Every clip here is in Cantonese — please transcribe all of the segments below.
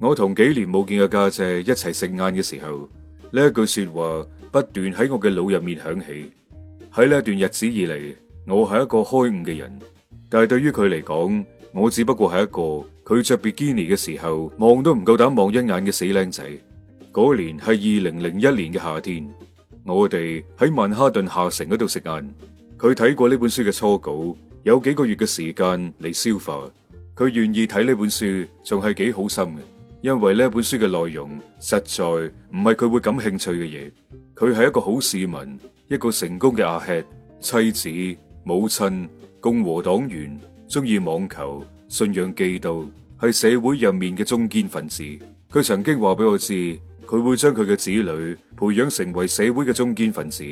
我同幾年冇見嘅家姐一齊食晏嘅時候，呢一句說話不斷喺我嘅腦入面響起。喺呢一段日子以嚟，我係一個開悟嘅人，但係對於佢嚟講，我只不過係一個佢着比基尼嘅時候望都唔夠膽望一眼嘅死靚仔。嗰年係二零零一年嘅夏天，我哋喺曼哈頓下城嗰度食晏。佢睇過呢本書嘅初稿，有幾個月嘅時間嚟消化。佢願意睇呢本書，仲係幾好心嘅。因為呢本書嘅內容實在唔係佢會感興趣嘅嘢，佢係一個好市民，一個成功嘅阿吃，妻子、母親、共和黨員，中意網球，信仰基督，係社會入面嘅中堅分子。佢曾經話俾我知，佢會將佢嘅子女培養成為社會嘅中堅分子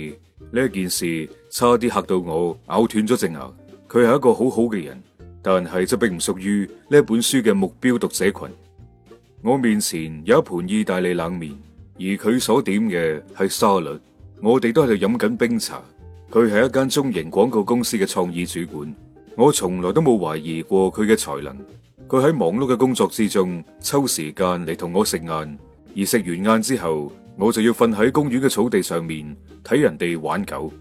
呢件事差，差啲嚇到我咬斷咗隻牙。佢係一個好好嘅人，但係就並唔屬於呢本書嘅目標讀者群。我面前有一盤意大利冷麵，而佢所點嘅係沙律。我哋都喺度飲緊冰茶。佢係一間中型廣告公司嘅創意主管。我從來都冇懷疑過佢嘅才能。佢喺忙碌嘅工作之中，抽時間嚟同我食晏。而食完晏之後，我就要瞓喺公園嘅草地上面睇人哋玩狗，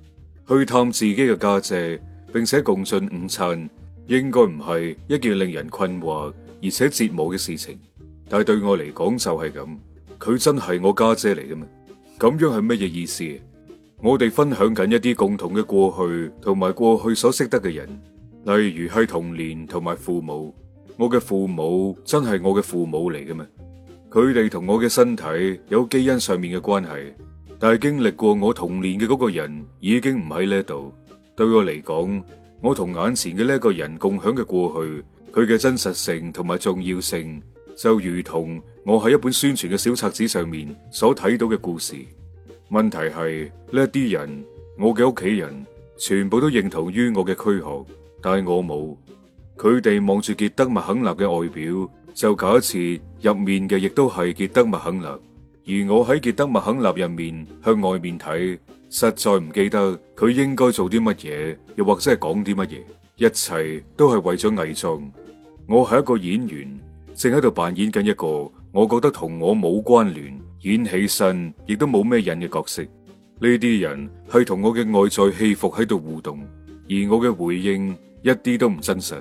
去探自己嘅家姐、姐，並且共進午餐，應該唔係一件令人困惑而且折磨嘅事情。但係對我嚟講就係咁，佢真係我家姐嚟嘅嘛？咁樣係乜嘢意思？我哋分享緊一啲共同嘅過去，同埋過去所識得嘅人，例如係童年同埋父母。我嘅父母真係我嘅父母嚟嘅嘛？佢哋同我嘅身體有基因上面嘅關係，但係經歷過我童年嘅嗰個人已經唔喺呢度。對我嚟講，我同眼前嘅呢一個人共享嘅過去，佢嘅真實性同埋重要性。就如同我喺一本宣傳嘅小冊子上面所睇到嘅故事，問題係呢一啲人，我嘅屋企人全部都認同於我嘅軀殼，但係我冇，佢哋望住傑德麥肯納嘅外表，就假設入面嘅亦都係傑德麥肯納，而我喺傑德麥肯納入面向外面睇，實在唔記得佢應該做啲乜嘢，又或者係講啲乜嘢，一切都係為咗偽裝，我係一個演員。正喺度扮演緊一個我覺得同我冇關聯，演起身亦都冇咩人嘅角色。呢啲人係同我嘅外在戲服喺度互動，而我嘅回應一啲都唔真實。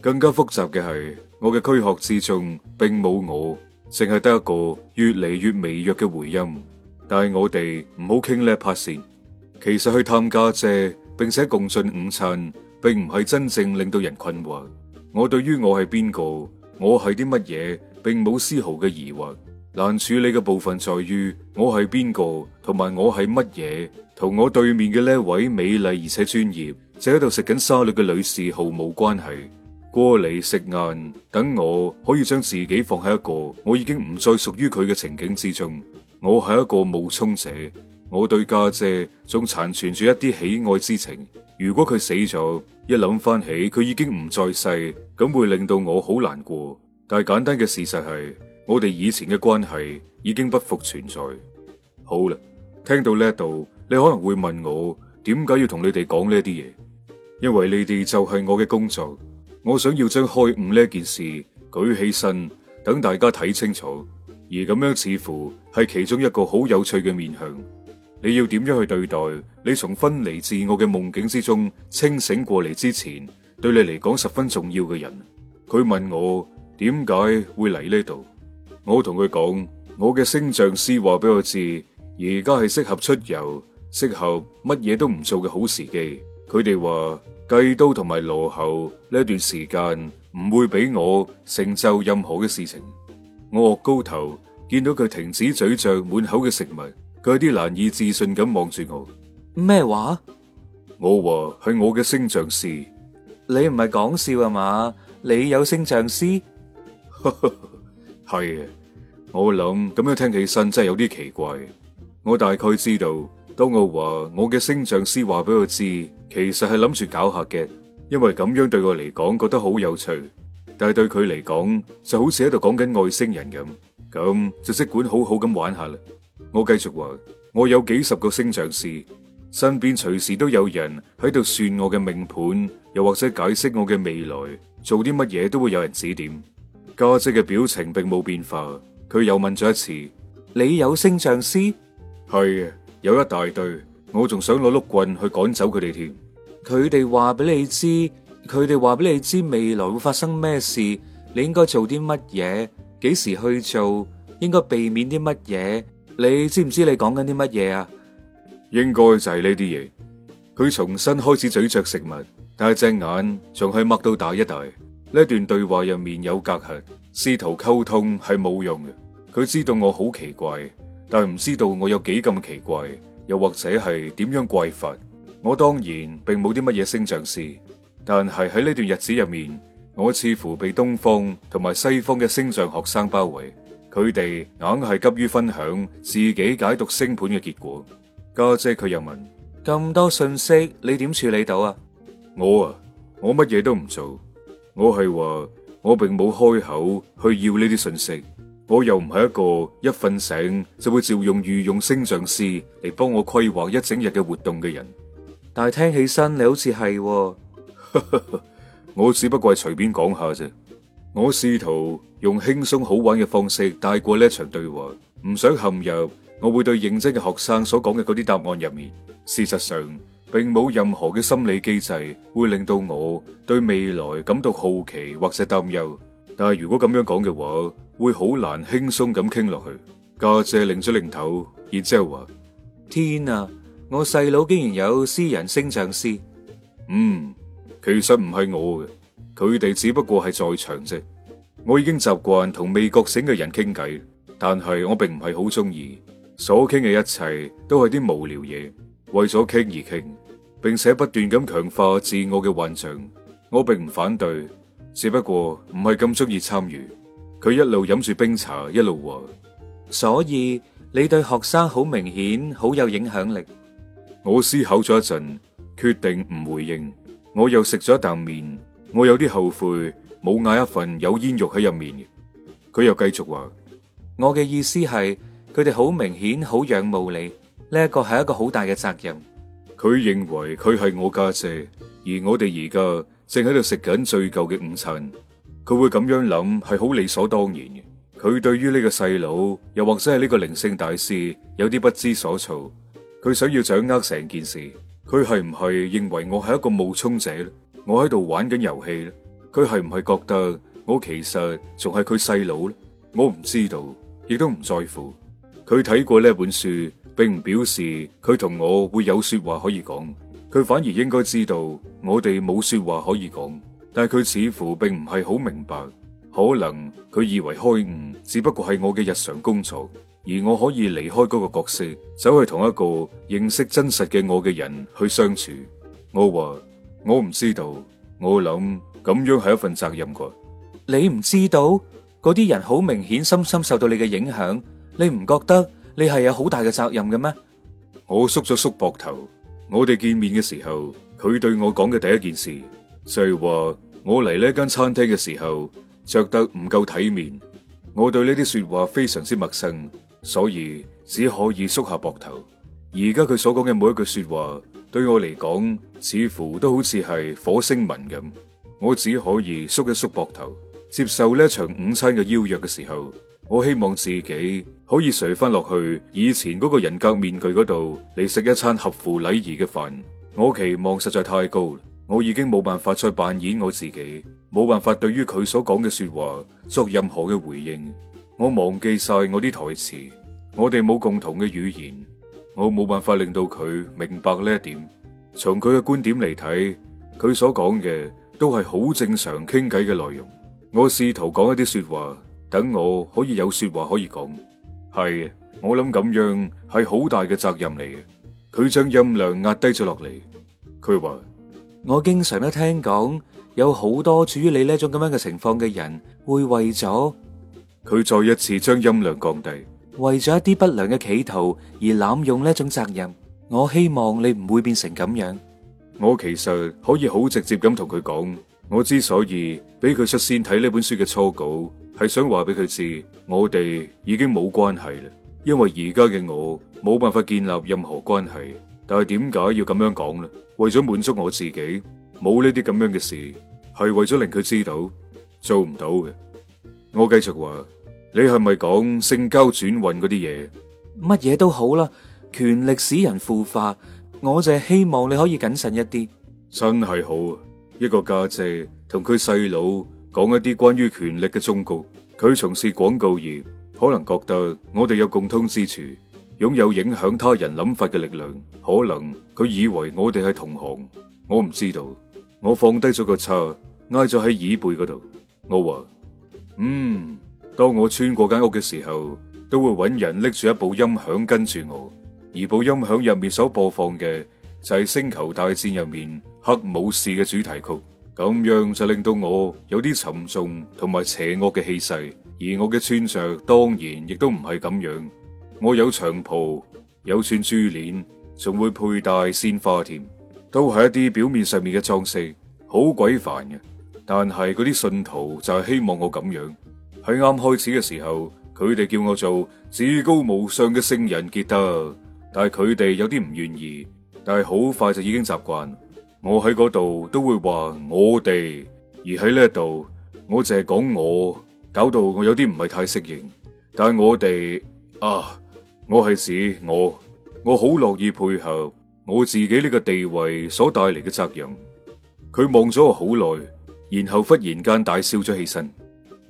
更加複雜嘅係，我嘅軀殼之中並冇我，淨係得一個越嚟越微弱嘅回音。但係我哋唔好傾呢一拍線。其實去探家姐，並且共進午餐，並唔係真正令到人困惑。我對於我係邊個，我係啲乜嘢，並冇絲毫嘅疑惑。難處理嘅部分在於我係邊個，同埋我係乜嘢，同我對面嘅呢位美麗而且專業，正喺度食緊沙律嘅女士毫無關係。過嚟食晏，等我可以將自己放喺一個我已經唔再屬於佢嘅情景之中。我係一個冒充者。我對家姐仲殘存住一啲喜愛之情。如果佢死咗，一諗翻起佢已經唔在世，咁會令到我好難過。但係簡單嘅事實係，我哋以前嘅關係已經不復存在。好啦，聽到呢一度，你可能會問我點解要同你哋講呢啲嘢，因為你哋就係我嘅工作。我想要將開悟呢件事舉起身，等大家睇清楚。而咁樣似乎係其中一個好有趣嘅面向。你要點樣去對待你從分離自我嘅夢境之中清醒過嚟，之前，對你嚟講十分重要嘅人？佢問我點解會嚟呢度？我同佢講：我嘅星象師話俾我知，而家係適合出遊、適合乜嘢都唔做嘅好時機。佢哋話計都同埋羅后呢段時間唔會俾我成就任何嘅事情。我昂高頭見到佢停止咀嚼滿口嘅食物。佢有啲難以置信咁望住我。咩話？我話係我嘅星象師。你唔係講笑係嘛？你有星象師？係啊。 我諗咁樣聽起身真係有啲奇怪。我大概知道，當我話我嘅星象師話俾我知，其實係諗住搞下嘅。因為咁樣對我嚟講覺得好有趣，但係對佢嚟講就好似喺度講緊外星人咁。咁就即管好好咁玩下啦。我繼續話，我有幾十個星象師，身邊隨時都有人喺度算我嘅命盤，又或者解釋我嘅未來，做啲乜嘢都會有人指點。家姐嘅表情並冇變化，佢又問咗一次：你有星象師？係啊，有一大堆。我仲想攞碌棍去趕走佢哋添。佢哋話俾你知，佢哋話俾你知未來會發生咩事，你應該做啲乜嘢，幾時去做，應該避免啲乜嘢。你知唔知你講緊啲乜嘢啊？應該就係呢啲嘢。佢重新開始咀嚼食物，但係隻眼仲係擘到大一大。呢段對話入面有隔閡，試圖溝通係冇用嘅。佢知道我好奇怪，但係唔知道我有幾咁奇怪，又或者係點樣怪法。我當然並冇啲乜嘢星象師，但係喺呢段日子入面，我似乎被東方同埋西方嘅星象學生包圍。佢哋硬係急於分享自己解讀星盤嘅結果。家姐佢又問：咁多信息，你點處理到啊？我啊，我乜嘢都唔做。我係話我並冇開口去要呢啲信息。我又唔係一個一瞓醒就會照用御用星象師嚟幫我規劃一整日嘅活動嘅人。但係聽起身你好似係，哦， 我只不過係隨便講下啫。我試圖用輕鬆好玩嘅方式帶過呢一場對話，唔想陷入我會對認真嘅學生所講嘅嗰啲答案入面。事實上，並冇任何嘅心理機制會令到我對未來感到好奇或者擔憂。但係如果咁樣講嘅話，會好難輕鬆咁傾落去。家姐擰咗擰頭，然之後話，天啊！我細佬竟然有私人升將師。嗯，其實唔係我嘅。佢哋只不過係在場啫。我已經習慣同未覺醒嘅人傾偈，但係我並唔係好中意。所傾嘅一切都係啲無聊嘢，為咗傾而傾，並且不斷咁強化自我嘅幻象。我並唔反對，只不過唔係咁中意參與。佢一路飲住冰茶，一路話，所以你對學生好明顯，好有影響力。我思考咗一陣，決定唔回應。我又食咗一啖麵。我有啲後悔冇嗌一份有煙肉喺入面。佢又繼續話，我嘅意思係佢哋好明顯好仰慕你，呢一個係一個好大嘅責任。佢認為佢係我家姐，而我哋而家正喺度食緊最舊嘅午餐。佢會咁樣諗係好理所當然嘅。佢對於呢個細佬又或者係呢個靈性大師有啲不知所措。佢想要掌握成件事，佢係唔係認為我係一個冒充者？我喺度玩緊遊戲咧，佢係唔係覺得我其實仲係佢細佬咧？我唔知道，亦都唔在乎。佢睇過呢本書，並唔表示佢同我會有說話可以講。佢反而應該知道我哋冇說話可以講，但係佢似乎並唔係好明白。可能佢以為開悟只不過係我嘅日常工作，而我可以離開嗰個角色，走去同一個認識真實嘅我嘅人去相處。我話。我唔知道，我諗咁樣係一份責任啩。你唔知道嗰啲人好明顯深深受到你嘅影響，你唔覺得你係有好大嘅責任嘅咩？我縮咗縮膊頭。我哋見面嘅時候，佢對我講嘅第一件事就係話我嚟呢間餐廳嘅時候着得唔夠體面。我對呢啲說話非常之陌生，所以只可以縮下膊頭。而家佢所講嘅每一句說話。對我嚟講，似乎都好似係火星文咁。我只可以縮一縮膊頭，接受呢一場午餐嘅邀約嘅時候，我希望自己可以垂翻落去以前嗰個人格面具嗰度嚟食一餐合乎禮儀嘅飯。我期望實在太高，我已經冇辦法再扮演我自己，冇辦法對於佢所講嘅說話作任何嘅回應。我忘記晒我啲台詞，我哋冇共同嘅語言。我冇辦法令到佢明白呢一點。從佢嘅觀點嚟睇，佢所講嘅都係好正常傾偈嘅內容。我試圖講一啲說話，等我可以有說話可以講。係，我諗咁樣係好大嘅責任嚟嘅。佢將音量壓低咗落嚟。佢話：我經常都聽講，有好多處於你呢種咁樣嘅情況嘅人，會為咗佢再一次將音量降低。為咗一啲不良嘅企圖而濫用呢種責任，我希望你唔會變成咁樣。我其實可以好直接咁同佢講，我之所以俾佢率先睇呢本書嘅初稿，係想話俾佢知，我哋已經冇關係啦。因為而家嘅我冇辦法建立任何關係，但係點解要咁樣講呢？為咗滿足我自己，冇呢啲咁樣嘅事，係為咗令佢知道做唔到嘅。我繼續話。你係咪講性交轉運嗰啲嘢？乜嘢都好啦，權力使人腐化，我就係希望你可以謹慎一啲。真係好啊！一個家姐同佢細佬講一啲關於權力嘅忠告，佢從事廣告業，可能覺得我哋有共通之處，擁有影響他人諗法嘅力量，可能佢以為我哋係同行。我唔知道，我放低咗個叉挨咗喺椅背嗰度，我話嗯。當我穿過間屋嘅時候，都會揾人拎住一部音響跟住我，而部音響入面所播放嘅就係《星球大戰》入面黑武士嘅主題曲。咁樣就令到我有啲沉重同埋邪惡嘅氣勢。而我嘅穿着當然亦都唔係咁樣，我有長袍，有串珠鏈，仲會佩戴鮮花添，都係一啲表面上面嘅裝飾，好鬼煩嘅。但係嗰啲信徒就係希望我咁樣。喺啱開始嘅時候，佢哋叫我做至高無上嘅聖人傑德，但係佢哋有啲唔願意，但係好快就已經習慣。我喺嗰度都會話我哋，而喺呢一度，我淨係講我，搞到我有啲唔係太適應。但係我哋啊，我係指我，我好樂意配合我自己呢個地位所帶嚟嘅責任。佢望咗我好耐，然後忽然間大笑咗起身。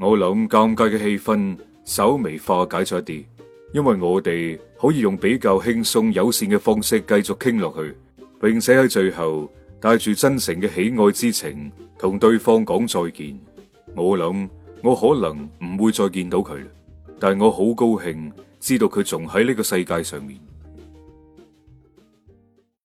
我諗尷尬嘅氣氛稍微化解咗一啲，因為我哋可以用比較輕鬆友善嘅方式繼續傾落去，並且喺最後帶住真誠嘅喜愛之情同對方講再見。我諗我可能唔會再見到佢，但我好高興知道佢仲喺呢個世界上面。